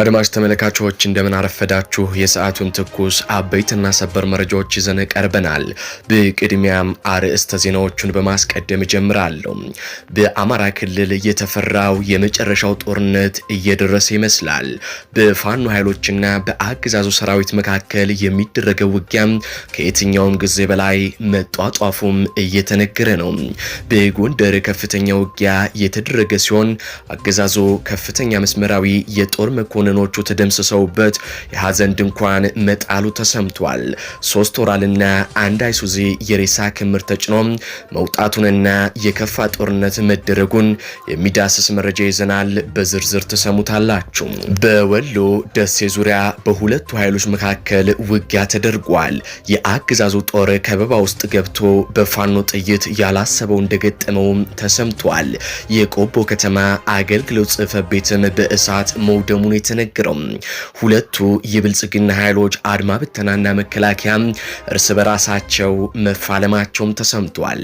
አድማጭ ተመልካቾች እንደምን አረፈዳችሁ። የሰዓቱን ትኩስ አበይትና ሰበር መረጃዎች ይዘን ቀርበናል። በቅድሚያም አርዕስተ ዜናዎቹን በማስቀደም ጀምራለሁ። በአማራ ክልል የተፈራው የመጨረሻው ጦርነት እየደረሰ ይመስላል። በፋኖ ኃይሎችና በአገዛዙ ሰራዊት መካከል የሚደረገው ውጊያም ከየትኛውም ጊዜ በላይ መጧጧፉም እየተነገረ ነው። በጎንደር ከፍተኛ ውጊያ የተደረገ ሲሆን አገዛዙ ከፍተኛ መስመራዊ የጦር መኮንን መኮንኖቹ ተደምስሰውበት የሀዘን ድንኳን መጣሉ ተሰምቷል። ሶስት ወራልና አንድ አይሱዚ የሬሳ ክምር ተጭኖ መውጣቱንና የከፋ ጦርነት መደረጉን የሚዳስስ መረጃ ይዘናል። በዝርዝር ተሰሙታላችሁ። በወሎ ደሴ ዙሪያ በሁለቱ ኃይሎች መካከል ውጊያ ተደርጓል። የአገዛዙ ጦር ከበባ ውስጥ ገብቶ በፋኖ ጥይት ያላሰበው እንደገጠመውም ተሰምቷል። የቆቦ ከተማ አገልግሎት ጽሕፈት ቤትም በእሳት መውደሙን የተ የተነገረው። ሁለቱ የብልጽግና ኃይሎች አድማ ብተናና መከላከያ እርስ በራሳቸው መፋለማቸውም ተሰምቷል።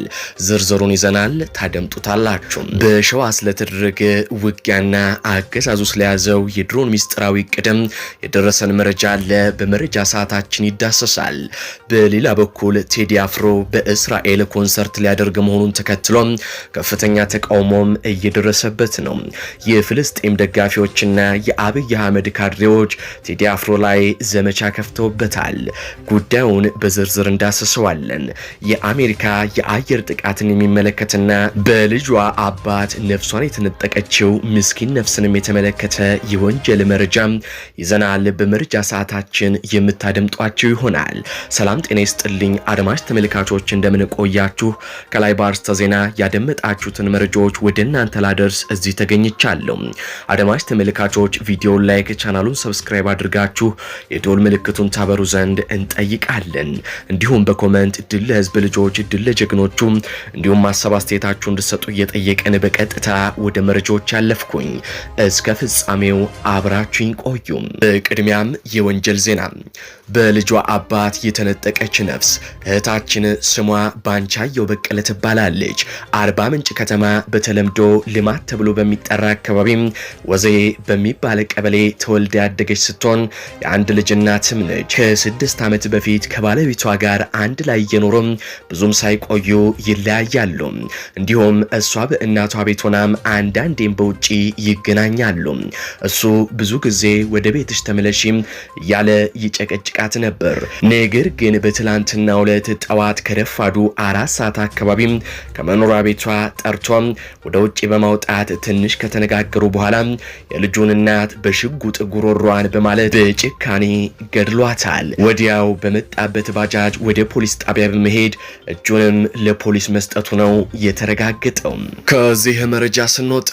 ዝርዝሩን ይዘናል፣ ታደምጡታላችሁ። በሸዋ ስለተደረገ ውጊያና አገዛዙ ስለያዘው የድሮን ሚስጥራዊ ቅደም የደረሰን መረጃ አለ። በመረጃ ሰዓታችን ይዳሰሳል። በሌላ በኩል ቴዲ አፍሮ በእስራኤል ኮንሰርት ሊያደርግ መሆኑን ተከትሎ ከፍተኛ ተቃውሞም እየደረሰበት ነው። የፍልስጤም ደጋፊዎችና የአብይ አህመድ ካድሬዎች ቴዲ አፍሮ ላይ ዘመቻ ከፍተውበታል። ጉዳዩን በዝርዝር እንዳሰሰዋለን። የአሜሪካ የአየር ጥቃትን የሚመለከትና በልጇ አባት ነፍሷን የተነጠቀችው ምስኪን ነፍስንም የተመለከተ የወንጀል መረጃ ይዘናል። በመረጃ ሰዓታችን የምታደምጧቸው ይሆናል። ሰላም ጤና ይስጥልኝ አድማጭ ተመልካቾች፣ እንደምንቆያችሁ ከላይ በአርስተ ዜና ያደመጣችሁትን መረጃዎች ወደ እናንተ ላደርስ እዚህ ተገኝቻለሁ። አድማጭ ተመልካቾች ቪዲዮን ላይክ ቻናሉን ሰብስክራይብ አድርጋችሁ የዶል ምልክቱን ታበሩ ዘንድ እንጠይቃለን። እንዲሁም በኮመንት ድል ለህዝብ ልጆች፣ ድል ለጀግኖቹ እንዲሁም ማሰብ አስተያየታችሁ እንድሰጡ እየጠየቅን በቀጥታ ወደ መረጃዎች ያለፍኩኝ እስከ ፍጻሜው አብራችሁኝ ቆዩ። በቅድሚያም የወንጀል ዜና በልጇ አባት የተነጠቀች ነፍስ እህታችን ስሟ ባንቻየው በቀለ ትባላለች። አርባ ምንጭ ከተማ በተለምዶ ልማት ተብሎ በሚጠራ አካባቢ ወዜ በሚባለ ቀበሌ ተወልዳ ያደገች ስትሆን የአንድ ልጅ እናትም ነች። ከስድስት ዓመት በፊት ከባለቤቷ ጋር አንድ ላይ እየኖሩም ብዙም ሳይቆዩ ይለያያሉ። እንዲሁም እሷ በእናቷ ቤት ሆናም አንዳንዴም በውጪ ይገናኛሉ። እሱ ብዙ ጊዜ ወደ ቤትሽ ተመለሽም እያለ ይጨቀጭቃት ነበር። ነገር ግን በትላንትናው ዕለት ጠዋት ከረፋዱ አራት ሰዓት አካባቢም ከመኖሪያ ቤቷ ጠርቶም ወደ ውጭ በማውጣት ትንሽ ከተነጋገሩ በኋላ የልጁን እናት በሽ በሽጉጥ ጉሮሯን በማለት በጭካኔ ገድሏታል። ወዲያው በመጣበት ባጃጅ ወደ ፖሊስ ጣቢያ በመሄድ እጁንም ለፖሊስ መስጠቱ ነው የተረጋገጠው። ከዚህ መረጃ ስንወጣ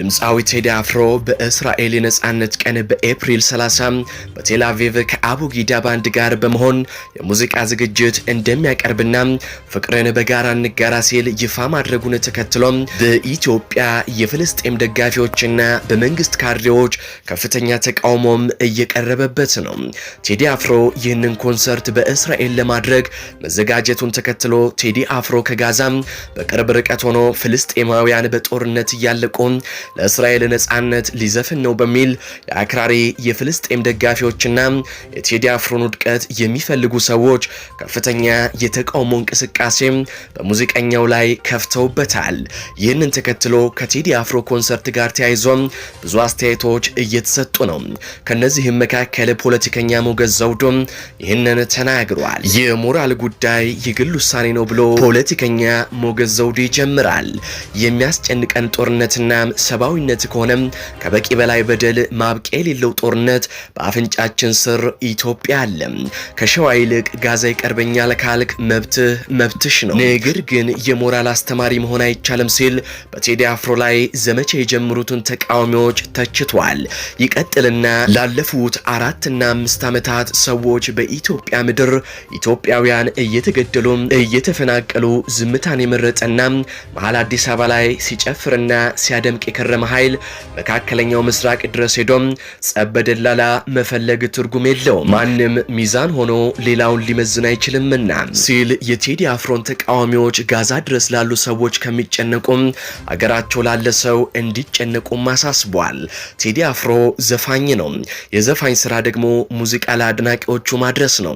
ድምፃዊ ቴዲ አፍሮ በእስራኤል የነፃነት ቀን በኤፕሪል 30 በቴልአቪቭ ከአቡጊዳ ባንድ ጋር በመሆን የሙዚቃ ዝግጅት እንደሚያቀርብና ፍቅርን በጋራ እንጋራ ሲል ይፋ ማድረጉን ተከትሎም በኢትዮጵያ የፍልስጤም ደጋፊዎችና በመንግስት ካድሬዎች ከፍ ከፍተኛ ተቃውሞም እየቀረበበት ነው። ቴዲ አፍሮ ይህንን ኮንሰርት በእስራኤል ለማድረግ መዘጋጀቱን ተከትሎ ቴዲ አፍሮ ከጋዛም በቅርብ ርቀት ሆኖ ፍልስጤማውያን በጦርነት እያለቁ ለእስራኤል ነጻነት ሊዘፍን ነው በሚል የአክራሪ የፍልስጤም ደጋፊዎችና የቴዲ አፍሮን ውድቀት የሚፈልጉ ሰዎች ከፍተኛ የተቃውሞ እንቅስቃሴ በሙዚቀኛው ላይ ከፍተውበታል። ይህንን ተከትሎ ከቴዲ አፍሮ ኮንሰርት ጋር ተያይዞ ብዙ አስተያየቶች እየተ እየተሰጡ ነው። ከነዚህም መካከል ፖለቲከኛ ሞገስ ዘውዶ ይህንን ተናግሯል። የሞራል ጉዳይ የግል ውሳኔ ነው ብሎ ፖለቲከኛ ሞገስ ዘውዶ ይጀምራል። የሚያስጨንቀን ጦርነትና ሰብአዊነት ከሆነም ከበቂ በላይ በደል ማብቂያ የሌለው ጦርነት በአፍንጫችን ስር ኢትዮጵያ አለ። ከሸዋ ይልቅ ጋዛ ይቀርበኛል ካልክ መብትህ መብትሽ ነው። ነገር ግን የሞራል አስተማሪ መሆን አይቻልም ሲል በቴዲ አፍሮ ላይ ዘመቻ የጀመሩትን ተቃዋሚዎች ተችቷል። ይቀጥልና ላለፉት አራትና አምስት ዓመታት ሰዎች በኢትዮጵያ ምድር ኢትዮጵያውያን እየተገደሉ እየተፈናቀሉ ዝምታን የመረጠና መሀል አዲስ አበባ ላይ ሲጨፍርና ሲያደምቅ የከረመ ኃይል መካከለኛው ምስራቅ ድረስ ሄዶም ጸበደላላ መፈለግ ትርጉም የለውም። ማንም ሚዛን ሆኖ ሌላውን ሊመዝን አይችልምና ሲል የቴዲ አፍሮን ተቃዋሚዎች ጋዛ ድረስ ላሉ ሰዎች ከሚጨነቁም አገራቸው ላለ ሰው እንዲጨነቁም አሳስቧል። ቴዲ አፍሮ ዘፋኝ ነው። የዘፋኝ ስራ ደግሞ ሙዚቃ ለአድናቂዎቹ ማድረስ ነው።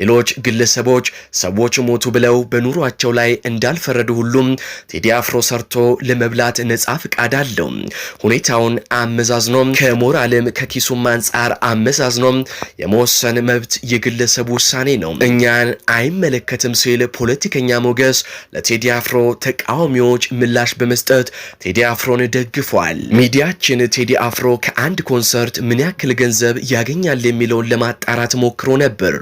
ሌሎች ግለሰቦች ሰዎች ሞቱ ብለው በኑሯቸው ላይ እንዳልፈረዱ ሁሉም ቴዲ አፍሮ ሰርቶ ለመብላት ነጻ ፍቃድ አለው። ሁኔታውን አመዛዝኖ ከሞራልም ከኪሱም አንጻር አመዛዝኖ የመወሰን መብት የግለሰቡ ውሳኔ ነው፣ እኛን አይመለከትም ሲል ፖለቲከኛ ሞገስ ለቴዲ አፍሮ ተቃዋሚዎች ምላሽ በመስጠት ቴዲ አፍሮን ደግፏል። ሚዲያችን ቴዲ አፍሮ ከአንድ ኮንሰርት ምን ያክል ገንዘብ ያገኛል የሚለውን ለማጣራት ሞክሮ ነበር።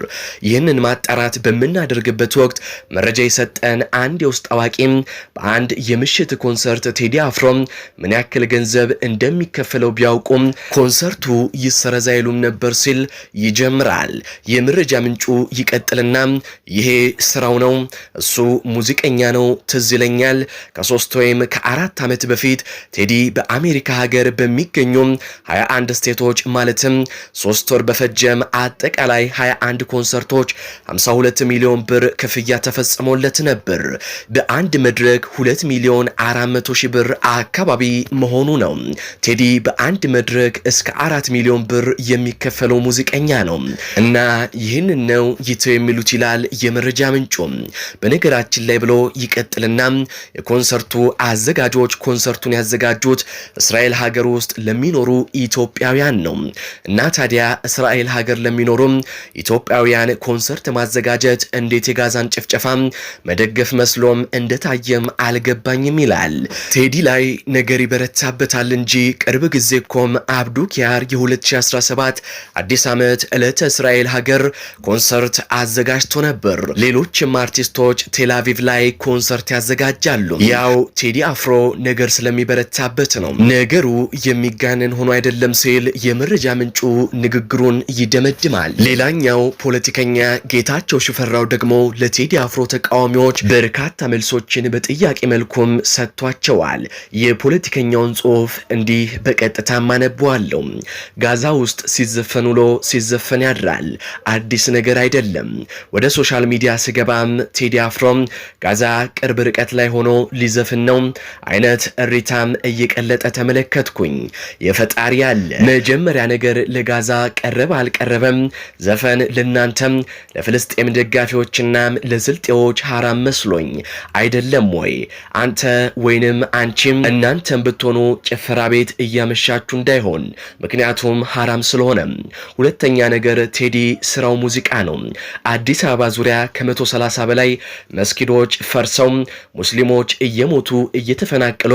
ይህንን ማጣራት በምናደርግበት ወቅት መረጃ የሰጠን አንድ የውስጥ አዋቂም በአንድ የምሽት ኮንሰርት ቴዲ አፍሮም ምን ያክል ገንዘብ እንደሚከፈለው ቢያውቁም ኮንሰርቱ ይሰረዝ አይሉም ነበር ሲል ይጀምራል። የመረጃ ምንጩ ይቀጥልና ይሄ ስራው ነው፣ እሱ ሙዚቀኛ ነው። ትዝ ይለኛል ከሶስት ወይም ከአራት ዓመት በፊት ቴዲ በአሜሪካ ሀገር በሚገኙ 21 ስቴቶች ማለትም ሶስት ወር በፈጀም አጠቃላይ 21 ኮንሰርቶች 52 ሚሊዮን ብር ክፍያ ተፈጽሞለት ነበር። በአንድ መድረክ 2 ሚሊዮን 400 ሺህ ብር አካባቢ መሆኑ ነው። ቴዲ በአንድ መድረክ እስከ 4 ሚሊዮን ብር የሚከፈለው ሙዚቀኛ ነው እና ይህንን ነው ይተው የሚሉት ይላል የመረጃ ምንጩ። በነገራችን ላይ ብሎ ይቀጥልና የኮንሰርቱ አዘጋጆች ኮንሰርቱን ያዘጋጁት እስራኤል ሀገር ውስጥ ለሚኖሩ ኢትዮ ኢትዮጵያውያን ነው እና ታዲያ እስራኤል ሀገር ለሚኖሩም ኢትዮጵያውያን ኮንሰርት ማዘጋጀት እንዴት የጋዛን ጭፍጨፋ መደገፍ መስሎም እንደታየም አልገባኝም ይላል ቴዲ ላይ ነገር ይበረታበታል እንጂ ቅርብ ጊዜ ኮም አብዱ ኪያር የ2017 አዲስ ዓመት ዕለተ እስራኤል ሀገር ኮንሰርት አዘጋጅቶ ነበር። ሌሎችም አርቲስቶች ቴላቪቭ ላይ ኮንሰርት ያዘጋጃሉ። ያው ቴዲ አፍሮ ነገር ስለሚበረታበት ነው። ነገሩ የሚጋነን ሆኖ አይደለም ቀደም ሲል የመረጃ ምንጩ ንግግሩን ይደመድማል። ሌላኛው ፖለቲከኛ ጌታቸው ሽፈራው ደግሞ ለቴዲ አፍሮ ተቃዋሚዎች በርካታ መልሶችን በጥያቄ መልኩም ሰጥቷቸዋል። የፖለቲከኛውን ጽሑፍ እንዲህ በቀጥታ ማነበዋለሁ። ጋዛ ውስጥ ሲዘፈን ውሎ ሲዘፈን ያድራል። አዲስ ነገር አይደለም። ወደ ሶሻል ሚዲያ ስገባም ቴዲ አፍሮም ጋዛ ቅርብ ርቀት ላይ ሆኖ ሊዘፍን ነው አይነት እሪታም እየቀለጠ ተመለከትኩኝ። የፈጣሪ ያለ መጀመሪያ ነገር ለጋዛ ቀረበ አልቀረበም ዘፈን ለናንተም ለፍልስጤም ደጋፊዎችና ለስልጤዎች ሀራም መስሎኝ አይደለም ወይ? አንተ ወይንም አንቺም እናንተም ብትሆኑ ጭፈራ ቤት እያመሻችሁ እንዳይሆን፣ ምክንያቱም ሀራም ስለሆነ። ሁለተኛ ነገር ቴዲ ስራው ሙዚቃ ነው። አዲስ አበባ ዙሪያ ከ130 በላይ መስጊዶች ፈርሰው ሙስሊሞች እየሞቱ እየተፈናቀሉ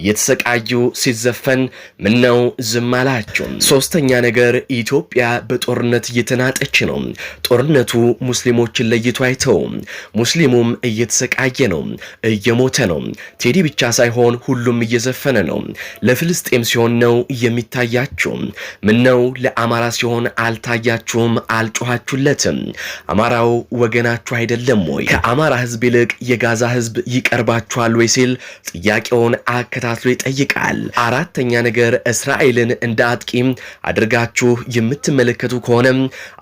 እየተሰቃዩ ሲዘፈን ምነው ዝም አላቸው። ሶስተኛ ነገር ኢትዮጵያ በጦርነት እየተናጠች ነው። ጦርነቱ ሙስሊሞችን ለይቶ አይተውም። ሙስሊሙም እየተሰቃየ ነው፣ እየሞተ ነው። ቴዲ ብቻ ሳይሆን ሁሉም እየዘፈነ ነው። ለፍልስጤም ሲሆን ነው የሚታያቸው። ምነው ለአማራ ሲሆን አልታያችሁም፣ አልጮኋችሁለትም? አማራው ወገናችሁ አይደለም ወይ? ከአማራ ህዝብ ይልቅ የጋዛ ህዝብ ይቀርባችኋል ወይ ሲል ጥያቄውን አከታትሎ ይጠይቃል። አራተኛ ነገር እስራኤልን እንደ አጥቂ አድርጋችሁ የምትመለከቱ ከሆነ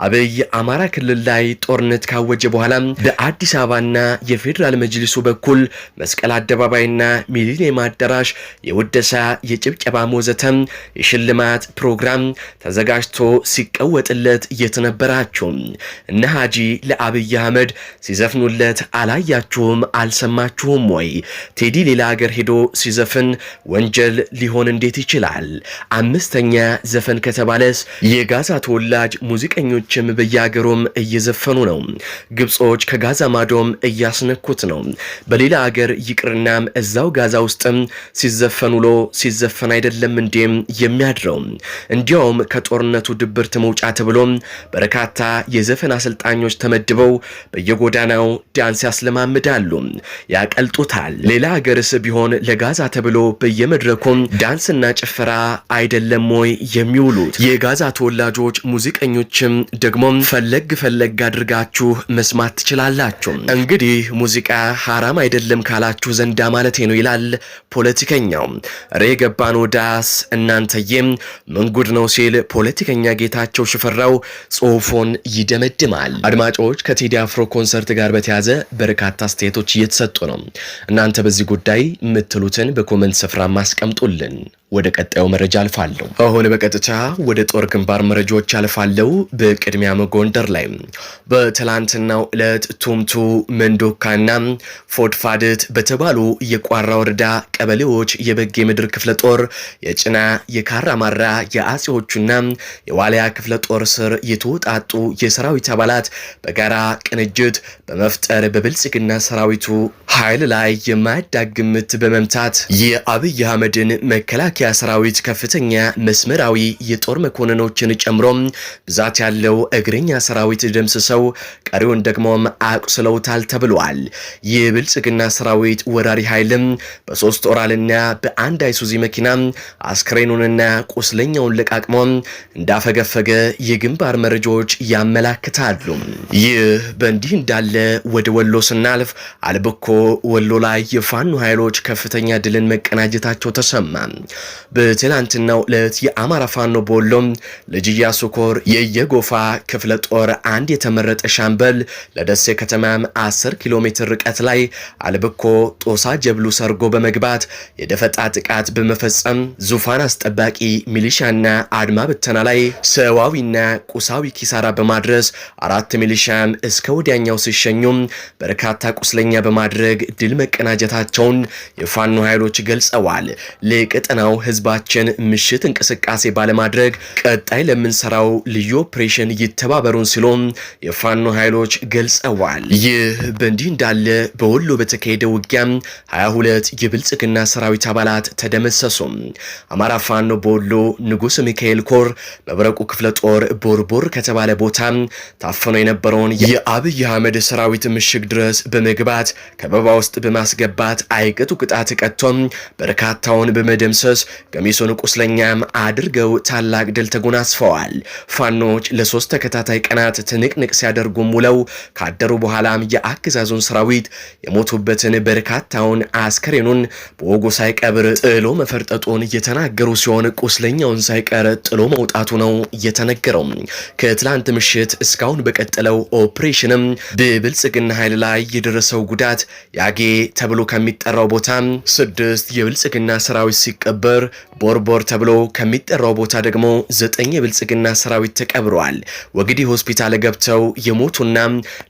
አብይ አማራ ክልል ላይ ጦርነት ካወጀ በኋላ በአዲስ አበባና የፌዴራል መጅሊሱ በኩል መስቀል አደባባይና ሚሊኒየም አዳራሽ የውደሳ የጭብጨባ ወዘተም የሽልማት ፕሮግራም ተዘጋጅቶ ሲቀወጥለት እየተነበራችሁ እነ ሀጂ ለአብይ አህመድ ሲዘፍኑለት አላያችሁም? አልሰማችሁም ወይ? ቴዲ ሌላ ሀገር ሄዶ ሲዘፍን ወንጀል ሊሆን እንዴት ይችላል? አምስት አምስተኛ ዘፈን ከተባለስ የጋዛ ተወላጅ ሙዚቀኞችም በየአገሩም እየዘፈኑ ነው። ግብጾች ከጋዛ ማዶም እያስነኩት ነው። በሌላ አገር ይቅርናም እዛው ጋዛ ውስጥም ሲዘፈን ውሎ ሲዘፈን አይደለም እንዴም የሚያድረው። እንዲያውም ከጦርነቱ ድብርት መውጫ ተብሎም በርካታ የዘፈን አሰልጣኞች ተመድበው በየጎዳናው ዳንስ ያስለማምዳሉ፣ ያቀልጡታል። ሌላ አገርስ ቢሆን ለጋዛ ተብሎ በየመድረኩም ዳንስና ጭፈራ አይደለም አይደለም ወይ የሚውሉት? የጋዛ ተወላጆች ሙዚቀኞችም ደግሞ ፈለግ ፈለግ አድርጋችሁ መስማት ትችላላችሁ። እንግዲህ ሙዚቃ ሀራም አይደለም ካላችሁ ዘንዳ ማለቴ ነው ይላል ፖለቲከኛው። ሬ ገባን ወዳስ እናንተዬም መንጉድ ነው ሲል ፖለቲከኛ ጌታቸው ሽፈራው ጽሁፎን ይደመድማል። አድማጮች ከቴዲ አፍሮ ኮንሰርት ጋር በተያዘ በርካታ አስተያየቶች እየተሰጡ ነው። እናንተ በዚህ ጉዳይ የምትሉትን በኮመንት ስፍራ ማስቀምጡልን። ወደ ቀጣዩ መረጃ አልፋለሁ። አሁን በቀጥታ ወደ ጦር ግንባር መረጃዎች አልፋለሁ። በቅድሚያም ጎንደር ላይ በትላንትናው ዕለት ቱምቱ መንዶካና ፎድፋድት በተባሉ የቋራ ወረዳ ቀበሌዎች የበጌ ምድር ክፍለ ጦር የጭና የካራ ማራ የአጼዎቹና የዋልያ ክፍለ ጦር ስር የተወጣጡ የሰራዊት አባላት በጋራ ቅንጅት በመፍጠር በብልጽግና ሰራዊቱ ኃይል ላይ የማያዳግም ምት በመምታት የአብይ አህመድን መከላከያ መከላከያ ሰራዊት ከፍተኛ መስመራዊ የጦር መኮንኖችን ጨምሮ ብዛት ያለው እግረኛ ሰራዊት ደምስሰው ቀሪውን ደግሞም አቁስለውታል ተብሏል። ይህ ብልጽግና ሰራዊት ወራሪ ኃይልም በሶስት ኦራልና በአንድ አይሱዚ መኪና አስክሬኑንና ቁስለኛውን ለቃቅሞ እንዳፈገፈገ የግንባር መረጃዎች ያመላክታሉ። ይህ በእንዲህ እንዳለ ወደ ወሎ ስናልፍ አልብኮ ወሎ ላይ የፋኑ ኃይሎች ከፍተኛ ድልን መቀናጀታቸው ተሰማ። በትላንትናው ዕለት የአማራ ፋኖ በወሎም ልጅ ኢያሱ ኮር የየጎፋ ክፍለ ጦር አንድ የተመረጠ ሻምበል ለደሴ ከተማም 10 ኪሎ ሜትር ርቀት ላይ አልብኮ ጦሳ ጀብሉ ሰርጎ በመግባት የደፈጣ ጥቃት በመፈጸም ዙፋን አስጠባቂ ሚሊሻና አድማ ብተና ላይ ሰዋዊና ቁሳዊ ኪሳራ በማድረስ አራት ሚሊሻም እስከ ወዲያኛው ሲሸኙም በርካታ ቁስለኛ በማድረግ ድል መቀናጀታቸውን የፋኖ ኃይሎች ገልጸዋል። ለቀጠናው ሌላው ህዝባችን ምሽት እንቅስቃሴ ባለማድረግ ቀጣይ ለምንሰራው ልዩ ኦፕሬሽን ይተባበሩን ሲሉም የፋኖ ኃይሎች ገልጸዋል። ይህ በእንዲህ እንዳለ በወሎ በተካሄደ ውጊያም 22 የብልጽግና ሰራዊት አባላት ተደመሰሱ። አማራ ፋኖ በወሎ ንጉሥ ሚካኤል ኮር መብረቁ ክፍለ ጦር ቦርቦር ከተባለ ቦታ ታፍኖ የነበረውን የአብይ አህመድ ሰራዊት ምሽግ ድረስ በመግባት ከበባ ውስጥ በማስገባት አይቀጡ ቅጣት ቀጥቶም በርካታውን በመደምሰስ ቀሚሱን ቁስለኛም አድርገው ታላቅ ድል ተጎናጽፈዋል። ፋኖች ለሶስት ተከታታይ ቀናት ትንቅንቅ ሲያደርጉም ውለው ካደሩ በኋላም የአገዛዙን ሰራዊት የሞቱበትን በርካታውን አስከሬኑን በወጉ ሳይቀብር ጥሎ መፈርጠጡን እየተናገሩ ሲሆን ቁስለኛውን ሳይቀር ጥሎ መውጣቱ ነው የተነገረው። ከትላንት ምሽት እስካሁን በቀጠለው ኦፕሬሽንም በብልጽግና ኃይል ላይ የደረሰው ጉዳት ያጌ ተብሎ ከሚጠራው ቦታ ስድስት የብልጽግና ሰራዊት ሲቀበል ሲቀበር ቦርቦር ተብሎ ከሚጠራው ቦታ ደግሞ ዘጠኝ የብልጽግና ሰራዊት ተቀብረዋል። ወግዲህ ሆስፒታል ገብተው የሞቱና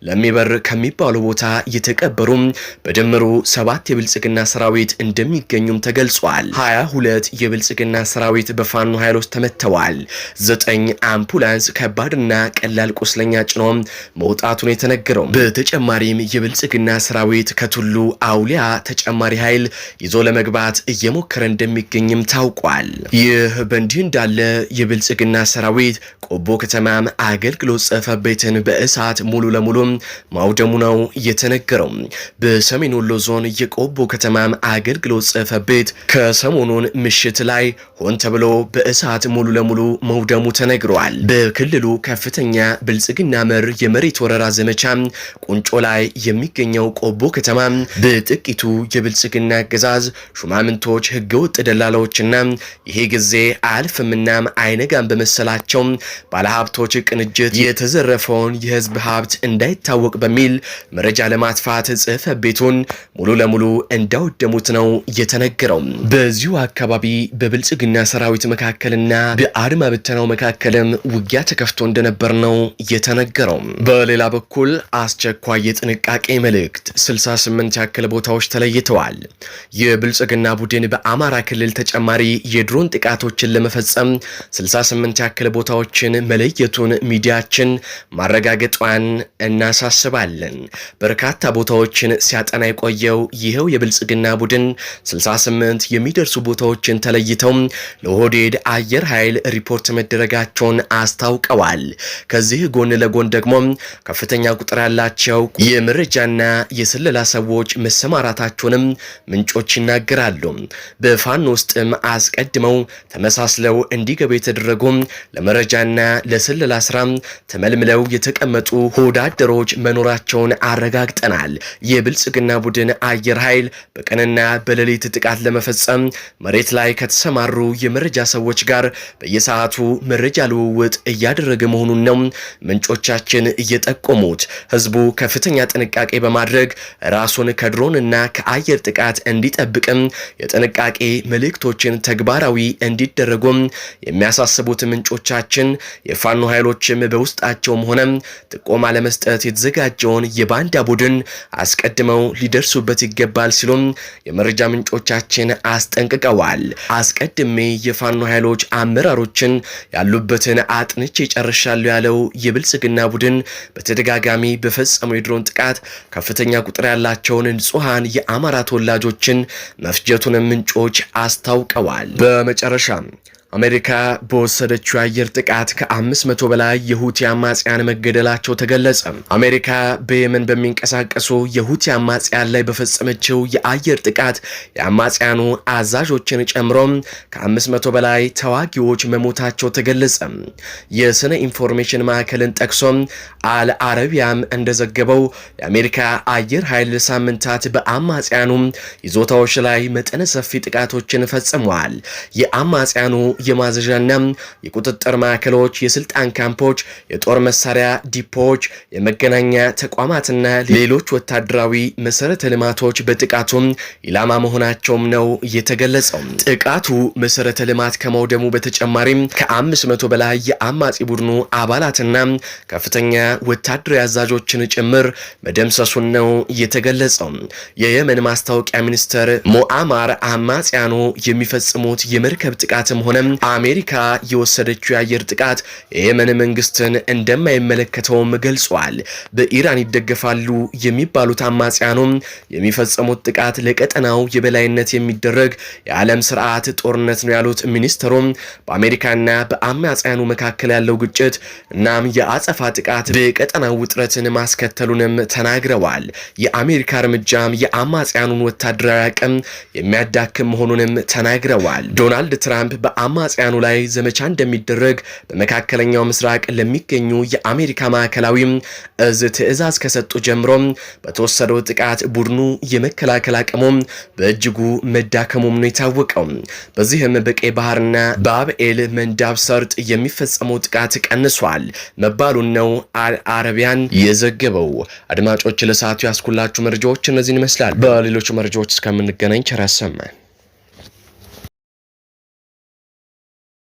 ለሚበር ከሚባሉ ቦታ የተቀበሩም በድምሩ ሰባት የብልጽግና ሰራዊት እንደሚገኙም ተገልጿል። ሀያ ሁለት የብልጽግና ሰራዊት በፋኖ ኃይሎች ተመተዋል። ዘጠኝ አምቡላንስ ከባድና ቀላል ቁስለኛ ጭኖ መውጣቱን የተነገረው። በተጨማሪም የብልጽግና ሰራዊት ከቱሉ አውሊያ ተጨማሪ ኃይል ይዞ ለመግባት እየሞከረ እንደሚገኝ እንደሚገኝም ታውቋል። ይህ በእንዲህ እንዳለ የብልጽግና ሰራዊት ቆቦ ከተማም አገልግሎት ጽሕፈት ቤትን በእሳት ሙሉ ለሙሉ ማውደሙ ነው የተነገረው። በሰሜን ወሎ ዞን የቆቦ ከተማም አገልግሎት ጽሕፈት ቤት ከሰሞኑን ምሽት ላይ ሆን ተብሎ በእሳት ሙሉ ለሙሉ መውደሙ ተነግረዋል። በክልሉ ከፍተኛ ብልጽግና መር የመሬት ወረራ ዘመቻ ቁንጮ ላይ የሚገኘው ቆቦ ከተማ በጥቂቱ የብልጽግና አገዛዝ ሹማምንቶች፣ ህገወጥ ደላላዎች ባለሙያዎችና ይሄ ጊዜ አልፍምና አይነጋም በመሰላቸው ባለሀብቶች ቅንጅት የተዘረፈውን የህዝብ ሀብት እንዳይታወቅ በሚል መረጃ ለማጥፋት ጽህፈት ቤቱን ሙሉ ለሙሉ እንዳወደሙት ነው የተነገረው። በዚሁ አካባቢ በብልጽግና ሰራዊት መካከልና በአድማ ብተናው መካከልም ውጊያ ተከፍቶ እንደነበር ነው የተነገረው። በሌላ በኩል አስቸኳይ የጥንቃቄ መልእክት 68 ያክል ቦታዎች ተለይተዋል። የብልጽግና ቡድን በአማራ ክልል ተጨ በተጨማሪ የድሮን ጥቃቶችን ለመፈጸም 68 ያክል ቦታዎችን መለየቱን ሚዲያችን ማረጋገጧን እናሳስባለን። በርካታ ቦታዎችን ሲያጠና የቆየው ይኸው የብልጽግና ቡድን 68 የሚደርሱ ቦታዎችን ተለይተው ለሆዴድ አየር ኃይል ሪፖርት መደረጋቸውን አስታውቀዋል። ከዚህ ጎን ለጎን ደግሞ ከፍተኛ ቁጥር ያላቸው የመረጃና የስለላ ሰዎች መሰማራታቸውንም ምንጮች ይናገራሉ። በፋኖ ውስጥ ሳይደርስም አስቀድመው ተመሳስለው እንዲገቡ የተደረጉ ለመረጃና ለስለላ ስራ ተመልምለው የተቀመጡ ሆዳደሮች መኖራቸውን አረጋግጠናል። የብልጽግና ቡድን አየር ኃይል በቀንና በሌሊት ጥቃት ለመፈጸም መሬት ላይ ከተሰማሩ የመረጃ ሰዎች ጋር በየሰዓቱ መረጃ ልውውጥ እያደረገ መሆኑን ነው ምንጮቻችን እየጠቆሙት። ህዝቡ ከፍተኛ ጥንቃቄ በማድረግ ራሱን ከድሮንና ከአየር ጥቃት እንዲጠብቅም የጥንቃቄ መልእክቶች ስልቶችን ተግባራዊ እንዲደረጉም የሚያሳስቡት ምንጮቻችን የፋኖ ኃይሎችም በውስጣቸውም ሆነ ጥቆማ ለመስጠት የተዘጋጀውን የባንዳ ቡድን አስቀድመው ሊደርሱበት ይገባል ሲሉም የመረጃ ምንጮቻችን አስጠንቅቀዋል። አስቀድሜ የፋኖ ኃይሎች አመራሮችን ያሉበትን አጥንቼ ጨርሻለሁ ያለው የብልጽግና ቡድን በተደጋጋሚ በፈጸመው የድሮን ጥቃት ከፍተኛ ቁጥር ያላቸውን ንጹሐን የአማራ ተወላጆችን መፍጀቱን ምንጮች አስታ አስታውቀዋል። በመጨረሻም አሜሪካ በወሰደችው አየር ጥቃት ከ500 በላይ የሁቲ አማጽያን መገደላቸው ተገለጸ። አሜሪካ በየመን በሚንቀሳቀሱ የሁቲ አማጽያን ላይ በፈጸመችው የአየር ጥቃት የአማጽያኑ አዛዦችን ጨምሮ ከ500 በላይ ተዋጊዎች መሞታቸው ተገለጸ። የስነ ኢንፎርሜሽን ማዕከልን ጠቅሶ አልአረቢያም እንደዘገበው የአሜሪካ አየር ኃይል ሳምንታት በአማጽያኑ ይዞታዎች ላይ መጠነ ሰፊ ጥቃቶችን ፈጽሟል። የአማጽያኑ የማዘዣና የቁጥጥር ማዕከሎች፣ የስልጣን ካምፖች፣ የጦር መሳሪያ ዲፖዎች፣ የመገናኛ ተቋማትና ሌሎች ወታደራዊ መሰረተ ልማቶች በጥቃቱም ኢላማ መሆናቸውም ነው የተገለጸው። ጥቃቱ መሰረተ ልማት ከመውደሙ በተጨማሪም ከአምስት መቶ በላይ የአማጺ ቡድኑ አባላትና ከፍተኛ ወታደራዊ አዛዦችን ጭምር መደምሰሱን ነው የተገለጸው። የየመን ማስታወቂያ ሚኒስተር ሞአማር አማጽያኑ የሚፈጽሙት የመርከብ ጥቃትም ሆነም አሜሪካ የወሰደችው የአየር ጥቃት የየመን መንግስትን እንደማይመለከተውም ገልጿል። በኢራን ይደገፋሉ የሚባሉት አማጽያኑም የሚፈጸሙት ጥቃት ለቀጠናው የበላይነት የሚደረግ የዓለም ስርዓት ጦርነት ነው ያሉት ሚኒስትሩም በአሜሪካና በአማጽያኑ መካከል ያለው ግጭት እናም የአጸፋ ጥቃት በቀጠናው ውጥረትን ማስከተሉንም ተናግረዋል። የአሜሪካ እርምጃም የአማጽያኑን ወታደራዊ አቅም የሚያዳክም መሆኑንም ተናግረዋል። ዶናልድ ትራምፕ በአማ በአማጽያኑ ላይ ዘመቻ እንደሚደረግ በመካከለኛው ምስራቅ ለሚገኙ የአሜሪካ ማዕከላዊ እዝ ትዕዛዝ ከሰጡ ጀምሮ በተወሰደው ጥቃት ቡድኑ የመከላከል አቅሙ በእጅጉ መዳከሙም ነው የታወቀው። በዚህም በቀይ ባህርና በአብኤል መንዳብ ሰርጥ የሚፈጸመው ጥቃት ቀንሷል መባሉን ነው አልአረቢያን የዘገበው። አድማጮች ለሰዓቱ ያስኩላችሁ መረጃዎች እነዚህን ይመስላል። በሌሎቹ መረጃዎች እስከምንገናኝ ቸር ያሰማን።